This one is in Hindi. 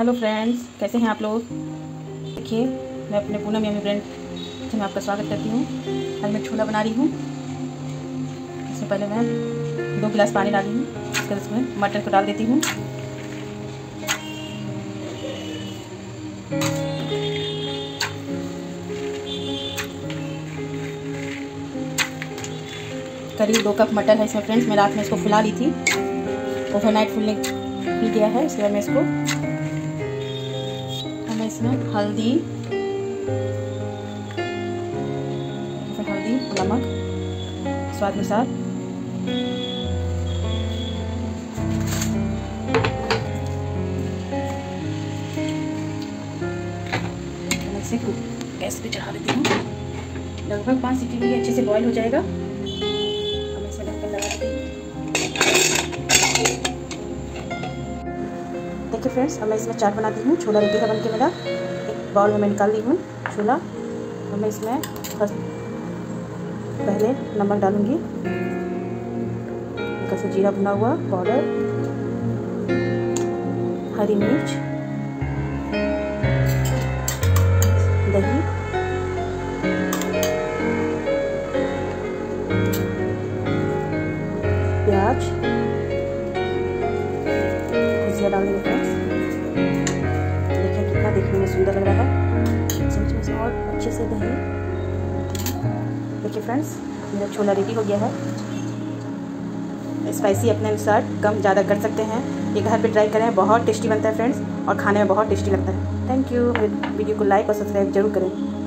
हेलो फ्रेंड्स कैसे हैं आप लोग देखिए मैं अपने पूनम यामी ब्रेंड से मैं आपका स्वागत करती हूँ आज मैं छोला बना रही हूँ इससे पहले मैं दो गिलास पानी डाली हूँ फिर इसमें मटर को डाल देती हूँ करीब दो कप मटर है इसमें फ्रेंड्स मैं रात में इसको फुला ली थी ओवरनाइट फुलने भी गया है इसलिए मैं इसको इसमें हल्दी फिर हल्दी नमक स्वाद अनुसार गैस पे चढ़ा देती हूँ लगभग पाँच सीटी में अच्छे से बॉईल हो जाएगा देखिए फ्रेंड्स अब मैं इसमें चाट बना दी हूँ छोला रेडी है बन के मेरा एक बाउल में मैं निकाल दी हूँ छोला अब मैं इसमें फर्स्ट पहले नमक डालूँगी कैसे जीरा भुना हुआ पाउडर हरी मिर्च दही प्याज भुजिया देंगे देखने में सुंदर लग रहा है और अच्छे से दही देखिए फ्रेंड्स मेरा छोला रेडी हो गया है स्पाइसी अपने अनुसार कम ज़्यादा कर सकते हैं ये घर पे ट्राई करें बहुत टेस्टी बनता है फ्रेंड्स और खाने में बहुत टेस्टी लगता है थैंक यू वीडियो को लाइक और सब्सक्राइब जरूर करें